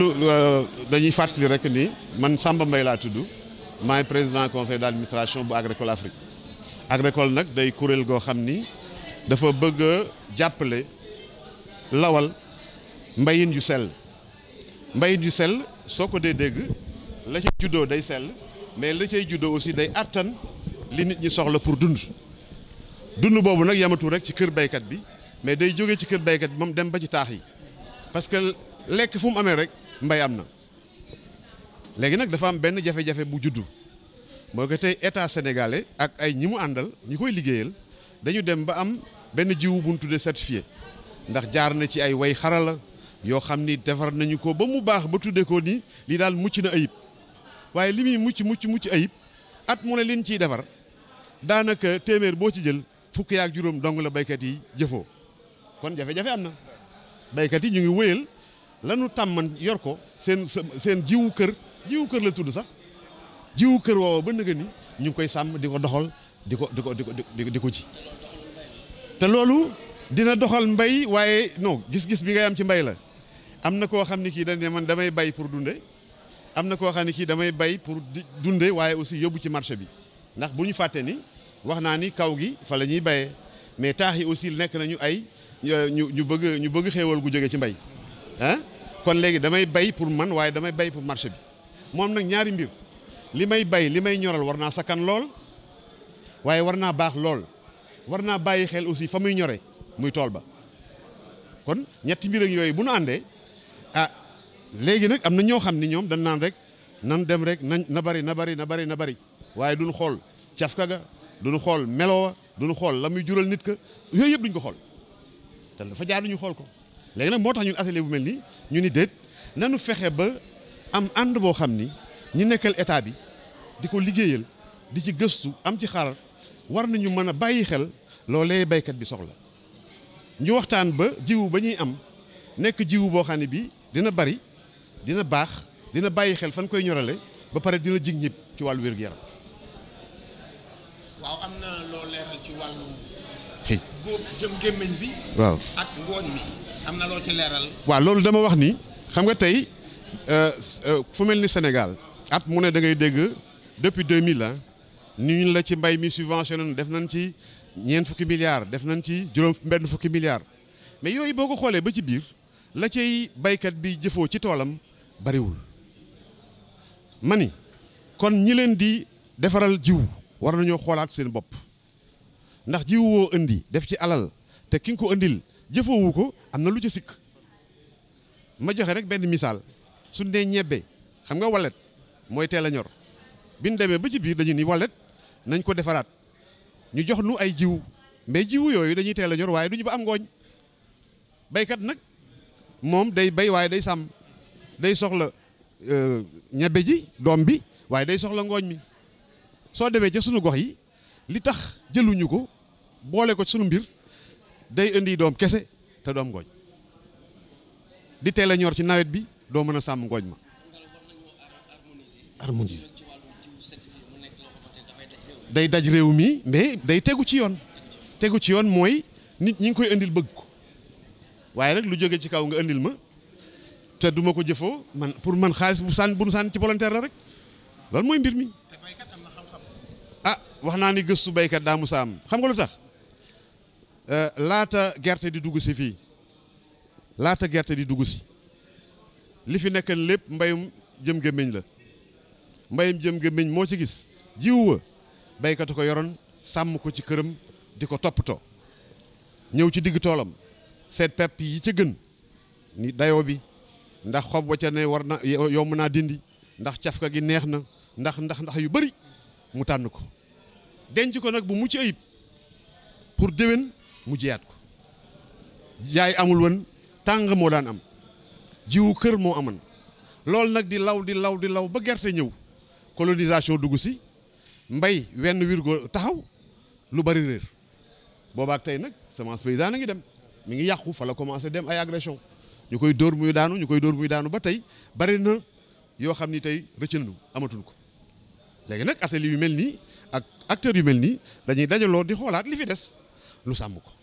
Euh, dañuy fàttali rek ni man Samba mbay laa tudd maay président conseil d'administration bu Agricole Afrique Agricole nag day kuréel goo xam ni dafa bëgg a jàppale lawal mbayin yu sell mbayin yu sell soo ko dee dégg la cay juddoo day sell mais la cay juddoo aussi day àttan li nit ñi soxla pour dund dund boobu nag yamatu rek ci kër baykat bi mais day jógee ci kër baykat bi moom dem ba ci taax yi lekk fu mu amee rek mbay am na léegi nag dafa am benn jafe-jafe bu juddu mooy que tey état sénégalais ak ay ñi mu àndal ñi koy liggéeyal dañu dem ba am benn jiwu bu ñu tuddee certifié ndax jaar na ci ay way xarala yoo xam ni defar nañu ko ba mu baax ba tuddee ko ni lii daal mucc na ayib waaye li muy mucc mucc mucc ayib at mu ne liñ ciy defar daanaka téeméer boo ci jël fukki juróom dong la béykat yi jëfoo kon jafe-jafe am na béykat yi ñu ngi wéyal. lanu tàmman yor ko seen seen jiwu kër jiwu kër la tudd sax jiwu kër woowa ba nëgë ñu ngi koy sàmm di ko doxal di ko di ko di ko di ko ji te loolu dina doxal mbay waaye non gis-gis bi ngay am ci mbay la am na koo xam ne kii dañ ne man damay bay pour dunde am na koo xam ne kii damay bay pour dunde waaye aussi yóbbu ci marché bi ndax bu ñu fàtte ni wax naa ni kaw gi fa la ñuy bayee mais taax yi aussi nekk nañu ay ñu ñu bëgg ñu bëgg xéewal gu jóge ci mbay ah kon léegi damay bay pour man waaye damay bay pour marché bi moom nag ñaari mbir li may bay li may ñoral war naa sakkan lool waaye war naa baax lool war naa bàyyi xel aussi fa muy ñore muy tool ba kon ñetti mbir ak yooyu bu nu àndee ah léegi nag am na ñoo xam ni ñoom dañ naan rek nan dem rek nañ na bari na bari na bari na bari waaye duñu xool cafka ga duñu xool melowa duñu xool la muy jural nit ka yooyu yëpp duñ ko xool te dafa jaar duñu xool ko léegi nag moo tax ñun atelier bu mel ni ñu ni déet nanu fexe ba am ànd boo xam ni ñu nekkal état bi di ko liggéeyal di ci gëstu am ci xaar war nañu mën a bàyyi xel loolee baykat bi soxla ñu waxtaan ba jiwu ba ñuy am nekk jiwu boo xam ne bii dina bari dina baax dina bàyyi xel fan koy ñorale ba pare dina jig ñëpp ci wàllu wér-gu-yaram. waaw am na loo leeral ci wàllu. góob jëm gémmiñ bi. waaw ak ngooñ mi. am na loo waaw loolu dama wax ni xam nga tey euh, euh, fu mel ni Sénégal at mu ne dangay ngay dégg depuis 2000 la ni ñu la ci mbay mi subventionné def nañ ci ñeent fukki milliards def nañ ci juróom mbenn fukki milliards mais yooyu boo ko xoolee ba ci biir la cay baykat bi jëfoo ci toolam bariwul mani kon ñi leen di defaral jiw war nañoo xoolaat seen bopp ndax jiw woo indi def ci alal te ki ko indil. jëfoowu ko am na lu ca sikk ma joxe rek benn misaal suñ dee ñebbe xam nga walet mooy teel a ñor bi ñu demee ba ci biir dañu ni walet nañ ko defaraat ñu jox nu ay jiw mais jiwu yooyu dañuy teel a ñor waaye ñu ba am ngooñ baykat nag moom day bay waaye day sàmm day soxla euh, ñebbe ji doom bi waaye day soxla ngooñ mi soo demee ca sunu gox yi li tax jëluñu ko boole ko sunu mbir day indi doom kese te doom ngooñ di teel a ñor ci nawet bi doo mën a sàmm ngooñ ma harmoniser day daj réew mi mais day tegu ci yoon tegu ci yoon mooy nit ñi ngi koy indil bëgg ko waaye rek lu jóge ci kaw nga indil ma te duma ko jëfoo man pour man xaalis bu sànn bu nu sànn ci volontaire la rek loolu mooy mbir mi a ah, wax naa ni gëstu baykat daa mu saam xam nga lu tax Euh, laata gerte di dugg si fii laata gerte di dugg si li fi nekk lépp mbayum jëm gémmiñ la mbayum jëm gémmiñ moo ci gis jiwu wa ko yoroon sàmm ko ci këram di ko toppatoo ñëw ci digg toolam seet pepp yi ci gën ni dayoo bi ndax xob wa ca ne war na yomb naa dindi ndax cafka gi neex na ndax ndax ndax yu bari mu tànn ko denc ko nag bu mucc ayib pour déwén mu jeyaat ko jaay amul woon tàng moo daan am jiwu kër moo amoon loolu nag di law di law di law ba gerte ñëw colonisation dugg si mbay wenn wirgo taxaw lu bari réer boobaak tey nag semence paysanne a ngi dem mu ngi yàqu fa la commencé dem ay agression ñu koy dóor muy daanu ñu koy dóor muy daanu ba tey bari na yoo xam ni tey rëccëndu amatul ko léegi nag ateli yu mel nii ak acteurs yu mel nii dañuy dajaloo di xoolaat li fi des lu sàmm ko